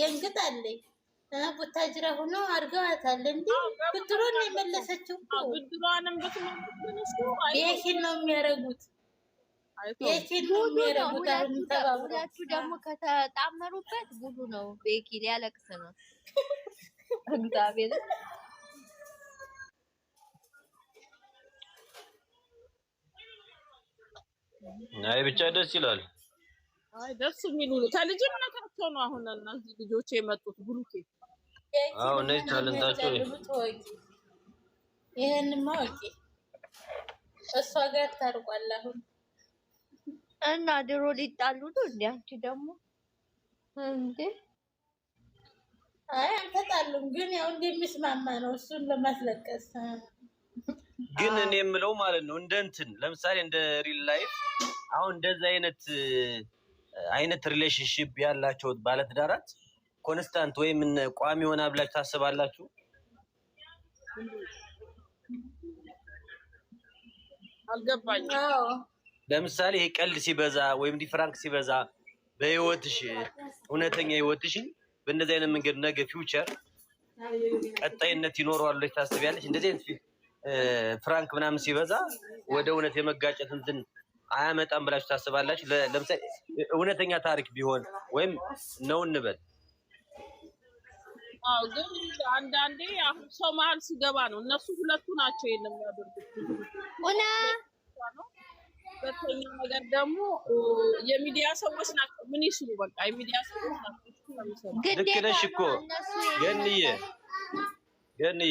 ደንግጣለኝ። ቡታጅራ ሆኖ አድርገዋታል። እንዲ ብድሮን የመለሰችው ቤኪን ነው የሚያደርጉት። ቤኪን ነው የሚያደርጉት። አሁን ደግሞ ከተጣመሩበት ጉዱ ነው። ቤኪ ሊያለቅስ ነው። እግዚአብሔር ናይ ብቻ ደስ ይላል። አይ ደስ የሚሉ ከልጅ ምናከ ተጠርተው ነው አሁን እነዚህ ልጆች የመጡት። ብሩኬ አዎ፣ እነዚህ ታለንታቸው ይሄንማ ወቂ እሷ ጋር ታርቋል አሁን እና ድሮ ሊጣሉ ነው እንዴ? አንቺ ደግሞ እንዴ? አይ አልተጣሉም፣ ግን ያው እንደሚስማማ ነው እሱን ለማስለቀስ። ግን እኔ የምለው ማለት ነው እንደ እንትን ለምሳሌ እንደ ሪል ላይፍ አሁን እንደዚህ አይነት አይነት ሪሌሽንሽፕ ያላቸው ባለትዳራት ኮንስታንት ወይም ቋሚ ሆና ብላችሁ ታስባላችሁ? ለምሳሌ ይሄ ቀልድ ሲበዛ ወይም ዲፍራንክ ሲበዛ በህይወትሽ እውነተኛ ህይወትሽን በእንደዚህ አይነት መንገድ ነገ ፊውቸር ቀጣይነት ይኖረዋል ታስቢያለሽ? እንደዚህ አይነት ፍራንክ ምናምን ሲበዛ ወደ እውነት የመጋጨት እንትን አያመጣም ብላችሁ ታስባላችሁ? ለምሳሌ እውነተኛ ታሪክ ቢሆን ወይም ነው እንበል። ግን አንዳንዴ አሁን ሰው መሀል ሲገባ ነው። እነሱ ሁለቱ ናቸው የሚያደርጉት ሁለተኛ ነገር ደግሞ የሚዲያ ሰዎች ናቸው። ምን ይስሉ? በቃ የሚዲያ ሰዎች ናቸው። ልክ ነሽ እኮ ገንዬ ገንዬ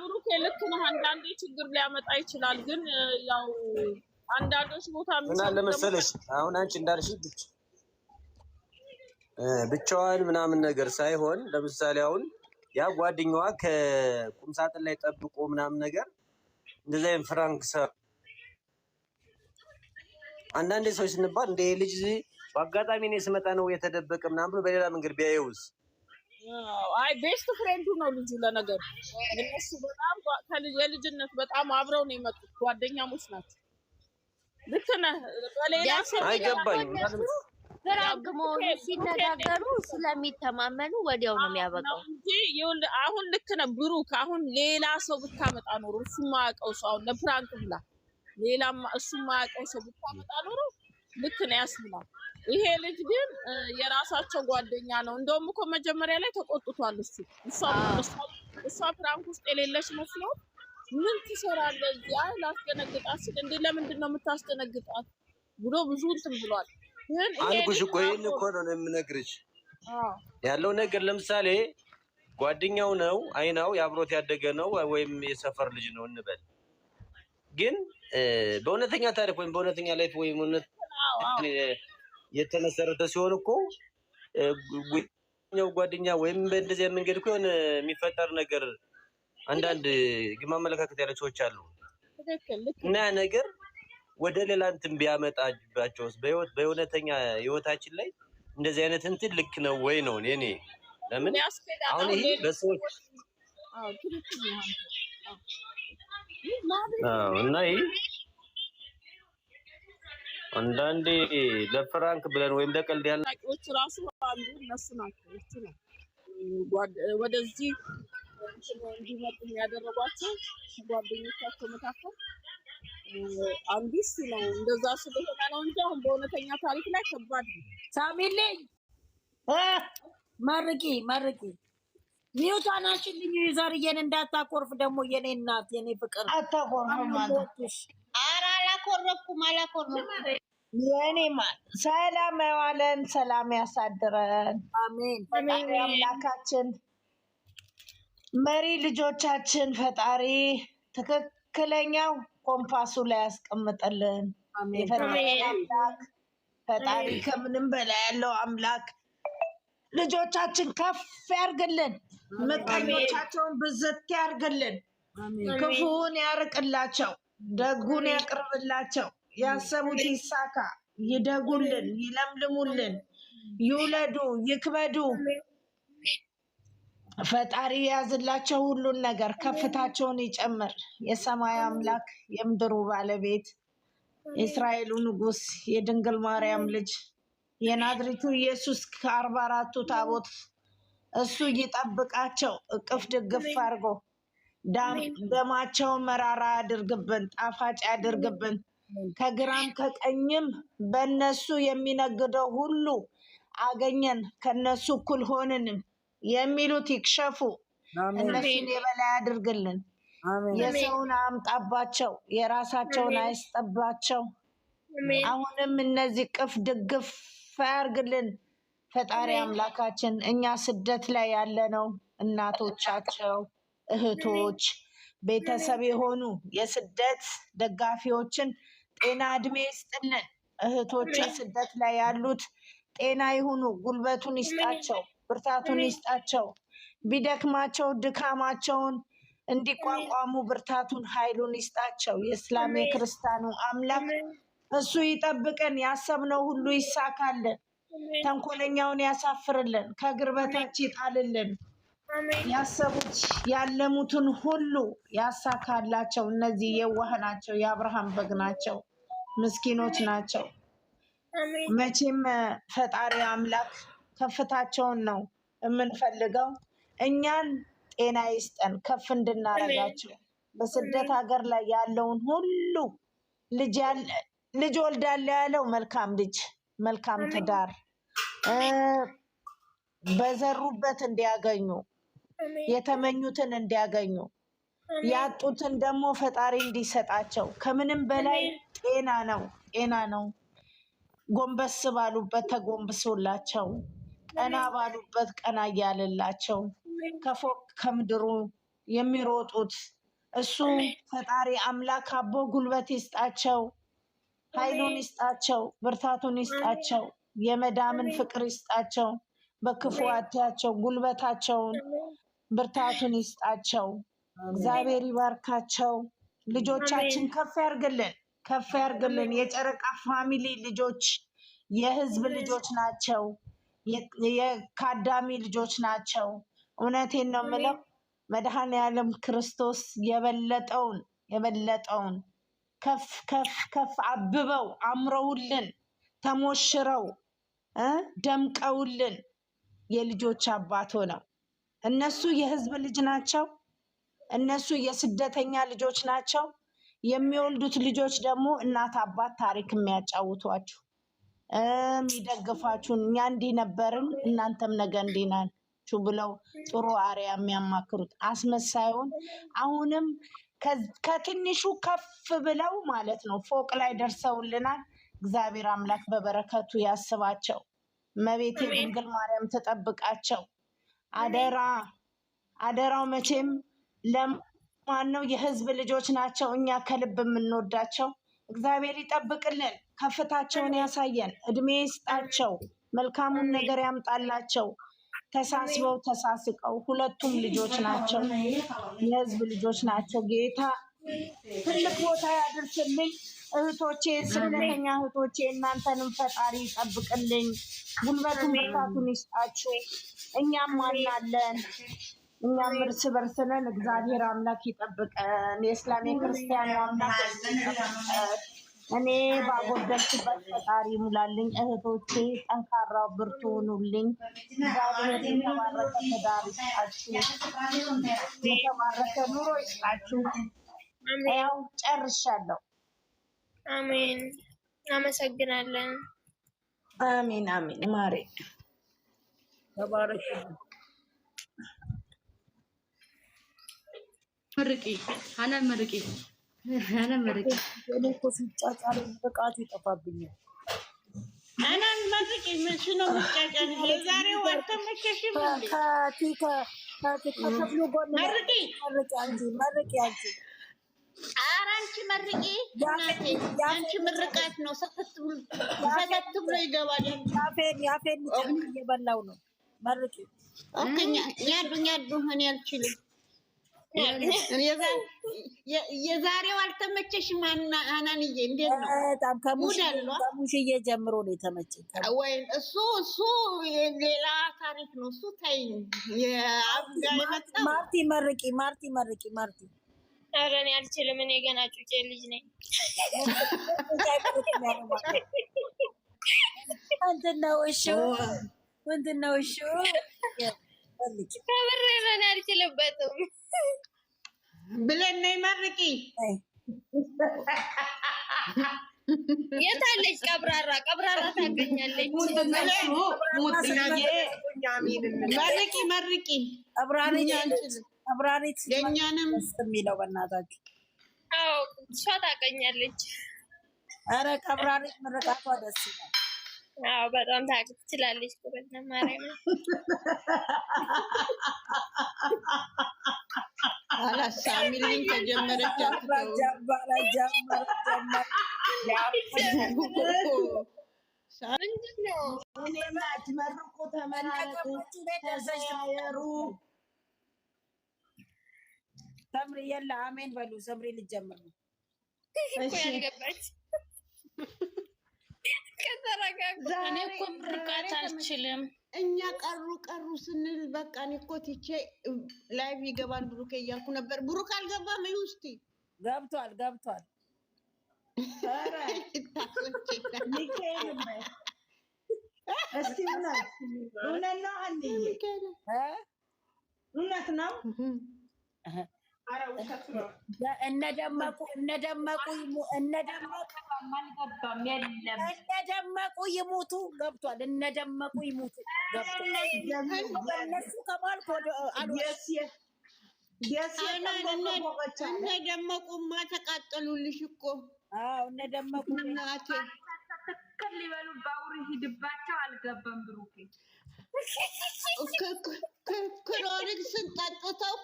ብሩኬ ልክ ነህ። አንዳንዴ ችግር ሊያመጣ ይችላል። ግን ያው አንዳንዶች ቦታ ምን አለ መሰለሽ አሁን አንቺ እንዳልሽ ብቻዋን ምናምን ነገር ሳይሆን ለምሳሌ አሁን ያ ጓደኛዋ ከቁም ሳጥን ላይ ጠብቆ ምናምን ነገር እንደዚያ ፍራንክ ሰር አንዳንድ ሰዎች ስንባል እንደ ልጅ በአጋጣሚ እኔ ስመጣ ነው የተደበቀ ምናምን ብሎ በሌላ መንገድ ቢያየውስ አይ ቤስት ፍሬንዱ ነው ልጁ። ለነገሩ እነሱ በጣም የልጅነት በጣም አብረው ነው የመጡት፣ ጓደኛሞች ናቸው። ልክ ነህ። በሌላ አይገባኝም። ተራግሞ ሲነጋገሩ ስለሚተማመኑ ወዲያው ነው የሚያበቃው እንጂ አሁን ልክ ነህ ብሩክ። አሁን ሌላ ሰው ብታመጣ ኖሮ እሱ የማያውቀው ሰው አሁን ለፍራንክ ብላ ሌላ እሱ የማያውቀው ሰው ብታመጣ ኖሮ ልክ ነህ ያስብላል። ይሄ ልጅ ግን የራሳቸው ጓደኛ ነው። እንደውም እኮ መጀመሪያ ላይ ተቆጥቷል። እሱ እሷ ፍራንክ ውስጥ የሌለች መስሎ ምን ትሰራለህ እዚያ ላስደነግጣት ሲል እንዴ ለምንድን ነው የምታስደነግጣት ብሎ ብዙ እንትን ብሏል። ግን አልኩሽ እኮ ይህን እኮ ነው የምነግርሽ ያለው ነገር ለምሳሌ ጓደኛው ነው አይናው የአብሮት ያደገ ነው ወይም የሰፈር ልጅ ነው እንበል። ግን በእውነተኛ ታሪክ ወይም በእውነተኛ ላይፍ ወይም እውነት የተመሰረተ ሲሆን እኮ ጓደኛው ጓደኛ ወይም በእንደዚያ መንገድ እኮ የሆነ የሚፈጠር ነገር አንዳንድ ግማ አመለካከት ያለ ሰዎች አሉ እና ያ ነገር ወደ ሌላ እንትን ቢያመጣባቸውስ በእውነተኛ ህይወታችን ላይ እንደዚህ አይነት እንትን ልክ ነው ወይ ነው እኔ ለምን አሁን ይሄ በሰዎች እና ይሄ አንዳንዴ ለፍራንክ ብለን ወይም ለቀልድ ያለ ታቂዎች ራሱ አንዱ እነሱ ናቸው። እቺ ነው ወደዚህ እንዲመጡ የሚያደረጓቸው ጓደኞቻቸው መካከል አንዱ እሱ ነው። እንደዛ ስለሆነ ነው እንጂ አሁን በእውነተኛ ታሪክ ላይ ከባድ ነው። ሳሚልኝ መርቂ መርቂ ሚውታናሽ አናሽልኝ ዩዘርዬን እንዳታኮርፍ ደግሞ የኔ እናት የኔ ፍቅር አታኮርፍ ማለት አራ አላኮረፍኩም አላኮርፍ የኔማ ሰላም የዋለን ሰላም ያሳድረን። አሜን። አምላካችን መሪ ልጆቻችን ፈጣሪ ትክክለኛው ኮምፓሱ ላይ ያስቀምጥልን። አምላክ ፈጣሪ ከምንም በላይ ያለው አምላክ ልጆቻችን ከፍ ያርግልን፣ ምቀኞቻቸውን ብዝት ያርግልን፣ ክፉውን ያርቅላቸው፣ ደጉን ያቅርብላቸው። ያሰቡት ይሳካ፣ ይደጉልን፣ ይለምልሙልን፣ ይውለዱ፣ ይክበዱ። ፈጣሪ የያዝላቸው ሁሉን ነገር ከፍታቸውን ይጨምር። የሰማይ አምላክ የምድሩ ባለቤት የእስራኤሉ ንጉስ፣ የድንግል ማርያም ልጅ የናዝሪቱ ኢየሱስ ከአርባ አራቱ ታቦት እሱ ይጠብቃቸው። እቅፍ ድግፍ አድርጎ ደማቸውን መራራ አድርግብን፣ ጣፋጭ አድርግብን። ከግራም ከቀኝም በነሱ የሚነግደው ሁሉ አገኘን፣ ከነሱ እኩል ሆንንም የሚሉት ይክሸፉ። እነሱን የበላይ አድርግልን። የሰውን አምጣባቸው፣ የራሳቸውን አይስጠባቸው። አሁንም እነዚህ ቅፍ ድግፍ ፈያርግልን ፈጣሪ አምላካችን። እኛ ስደት ላይ ያለነው እናቶቻቸው፣ እህቶች፣ ቤተሰብ የሆኑ የስደት ደጋፊዎችን ጤና እድሜ ይስጥልን። እህቶች ስደት ላይ ያሉት ጤና ይሁኑ። ጉልበቱን ይስጣቸው፣ ብርታቱን ይስጣቸው። ቢደክማቸው ድካማቸውን እንዲቋቋሙ ብርታቱን ኃይሉን ይስጣቸው። የእስላም የክርስቲያኑ አምላክ እሱ ይጠብቀን። ያሰብነው ሁሉ ይሳካልን። ተንኮለኛውን ያሳፍርልን፣ ከእግር በታች ይጣልልን። ያሰቡት ያለሙትን ሁሉ ያሳካላቸው። እነዚህ የዋህ ናቸው፣ የአብርሃም በግ ናቸው። ምስኪኖች ናቸው። መቼም ፈጣሪ አምላክ ከፍታቸውን ነው የምንፈልገው። እኛን ጤና ይስጠን፣ ከፍ እንድናረጋቸው በስደት ሀገር ላይ ያለውን ሁሉ ልጅ ወልዳለ ያለው መልካም ልጅ፣ መልካም ትዳር በዘሩበት እንዲያገኙ የተመኙትን እንዲያገኙ ያጡትን ደግሞ ፈጣሪ እንዲሰጣቸው። ከምንም በላይ ጤና ነው፣ ጤና ነው። ጎንበስ ባሉበት ተጎንብሶላቸው፣ ቀና ባሉበት ቀና እያለላቸው፣ ከፎቅ ከምድሩ የሚሮጡት እሱ ፈጣሪ አምላክ አቦ ጉልበት ይስጣቸው፣ ኃይሉን ይስጣቸው፣ ብርታቱን ይስጣቸው፣ የመዳምን ፍቅር ይስጣቸው፣ በክፉ አትያቸው፣ ጉልበታቸውን ብርታቱን ይስጣቸው። እግዚአብሔር ይባርካቸው። ልጆቻችን ከፍ ያርግልን፣ ከፍ ያርግልን። የጨረቃ ፋሚሊ ልጆች የህዝብ ልጆች ናቸው፣ የካዳሚ ልጆች ናቸው። እውነቴን ነው የምለው መድኃኔዓለም ክርስቶስ የበለጠውን የበለጠውን ከፍ ከፍ ከፍ አብበው አምረውልን ተሞሽረው ደምቀውልን የልጆች አባት ሆነው እነሱ የህዝብ ልጅ ናቸው። እነሱ የስደተኛ ልጆች ናቸው። የሚወልዱት ልጆች ደግሞ እናት አባት ታሪክ የሚያጫውቷችሁ የሚደግፏችሁን እኛ እንዲህ ነበርን እናንተም ነገ እንዲህ ናችሁ ብለው ጥሩ አሪያ የሚያማክሩት አስመሳዩን አሁንም ከትንሹ ከፍ ብለው ማለት ነው ፎቅ ላይ ደርሰውልናል። እግዚአብሔር አምላክ በበረከቱ ያስባቸው። መቤቴ ድንግል ማርያም ተጠብቃቸው። አደራ አደራው መቼም ለማን ነው? የህዝብ ልጆች ናቸው። እኛ ከልብ የምንወዳቸው እግዚአብሔር ይጠብቅልን፣ ከፍታቸውን ያሳየን፣ እድሜ ይስጣቸው፣ መልካሙን ነገር ያምጣላቸው። ተሳስበው ተሳስቀው ሁለቱም ልጆች ናቸው፣ የህዝብ ልጆች ናቸው። ጌታ ትልቅ ቦታ ያድርስልኝ። እህቶቼ ስደተኛ እህቶቼ እናንተንም ፈጣሪ ይጠብቅልኝ፣ ጉልበቱን ብርታቱን ይስጣችሁ። እኛም አናለን። እኛም እርስ በርስነን እግዚአብሔር አምላክ ይጠብቀን። የእስላም ክርስቲያኑ አምላክ እኔ ባጎደልኩበት ፈጣሪ ሙላልኝ። እህቶቼ ጠንካራ ብርቱ ሁኑልኝ። እግዚአብሔር የተባረከ ትዳር ይስጣችሁ፣ የተባረከ ኑሮ ይስጣችሁ። ያው ጨርሻለሁ። አሜን። አመሰግናለን። አሜን አሜን። ማሬ ተባረክ። ምርቂ አነ ምርቂ አነ ምርቂ እኔ እኮ ሲጫጫል ብቃት ይጠፋብኛል። አነ ምርቂ ምንሽ ነው ምጫጫል? የዛሬ ወርተ መሸሽ ከቲከ ጎን ምርቂ ምርቂ አንቺ ምርቂ አንቺ ኧረ አንቺ መርቂ እናቴ፣ አንቺ ምርቃት ነው። ሰፈት ብሎ ሰፈት ብሎ ይገባል። ያፌን ያፌን እየበላው ነው። መርቂ ኦኬ። ኛዱ እኔ አልችልም የዛሬው አልተመቸሽም ሀናንዬ? እንዴት ነው? በጣም ከሙሽዬ ጀምሮ ነው የተመቸኝ። ወይም እሱ እሱ ሌላ ታሪክ ነው። እሱ ተይኝ። ማርቲ መርቂ፣ ማርቲ መርቂ፣ ማርቲ ኧረ እኔ አልችልም። እኔ ገና ጩጬ ልጅ ነኝ። እንትን ነው እሺ፣ እንትን ነው እሺ። ከምሬ ምን አልችልበትም ብለን ነይ መርቂ። የታለች ቀብራራ? ቀብራራ ታገኛለች። መርቂ መርቂ፣ ቀብራሪት የእኛንም የሚለው በእናታችሁ እሷ ታገኛለች። ኧረ ቀብራሪት ምርቃቷ ደስ ይላል። በጣም ታግ ትችላለች። ላሳ ሚልኝ ተጀመረች። ተምሪ የለ አሜን በሉ። ሰምሪ ልጀምር ነው ያልገባች ከተረጋጋ አትችልም። እኛ ቀሩ ቀሩ ስንል በቃ እኔ እኮ ትቼ ላይቭ ይገባል ብሩክ እያልኩ ነበር። ብሩክ አልገባም። እዩ እስኪ ገብቷል፣ ገብቷል። እውነት ነው። እነደመቁ ደመቁ ይሙቱ ገብቷል። እነደመቁ ደመቁ ይሙቱ ገብቷል። እነሱ ተቃጠሉልሽ እኮ እነ ትክክል ሊበሉ ባውሪ ሂድባቸው አልገባም ብሩኬ ክሎሪክስን ጠጥተው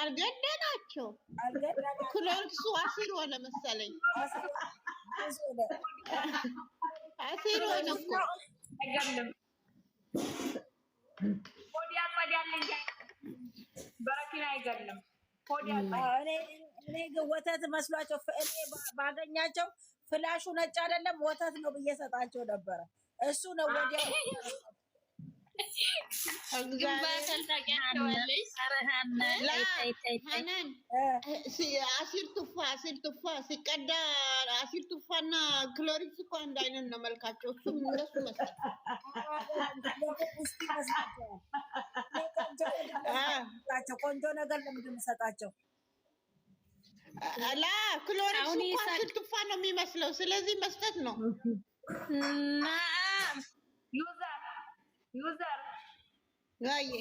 አልገደናቸው። ክሎሪክሱ አሲር ሆነ መሰለኝ፣ አሲር ሆነ እኮ በረኪና እኔ ግን ወተት መስሏቸው እኔ ባገኛቸው ፍላሹ ነጭ አይደለም ወተት ነው ብዬ ሰጣቸው ነበረ። እሱ ነው ወዲያ አሲር ቱፋ አሲር ቱፋ ሲቀዳ አሲር ቱፋና ክሎሪክስ እኮ አንድ አይነት ነው መልካቸው። እሱም እንደሱ መሰለኝ። ቆንጆ ነገር ለምንድን ነው ላ ክሎሪክስ እኮ አሲር ቱፋ ነው የሚመስለው። ስለዚህ መስጠት ነው። ዩዘር ጋዬ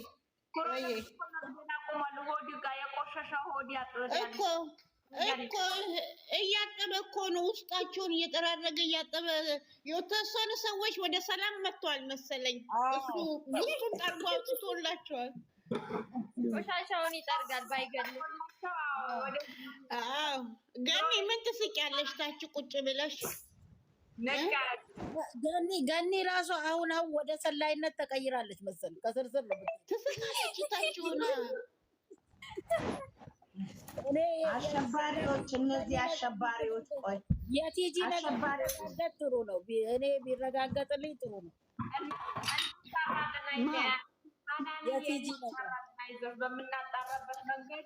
እያጠበ እኮ ነው ውስጣቸውን እየጠራረገ እያጠበ። የተወሰኑ ሰዎች ወደ ሰላም መጥተዋል መሰለኝ። ውስጡን ጠርጎ አውጥቶላቸዋል። ቆሻሻውን ይጠርጋል ባይገድል። ገኒ ምን ትስቂያለሽ ታች ቁጭ ብለሽ? ገኒ ገኒ ራሱ አሁን አሁን ወደ ሰላይነት ተቀይራለች መሰል ከስርስር ነው አሸባሪዎች እነዚህ አሸባሪዎች። ቆይ የቲጂ ነገር ጥሩ ነው፣ እኔ ቢረጋገጥልኝ ጥሩ ነው። የቲጂ ነገር በምናጣራበት መንገድ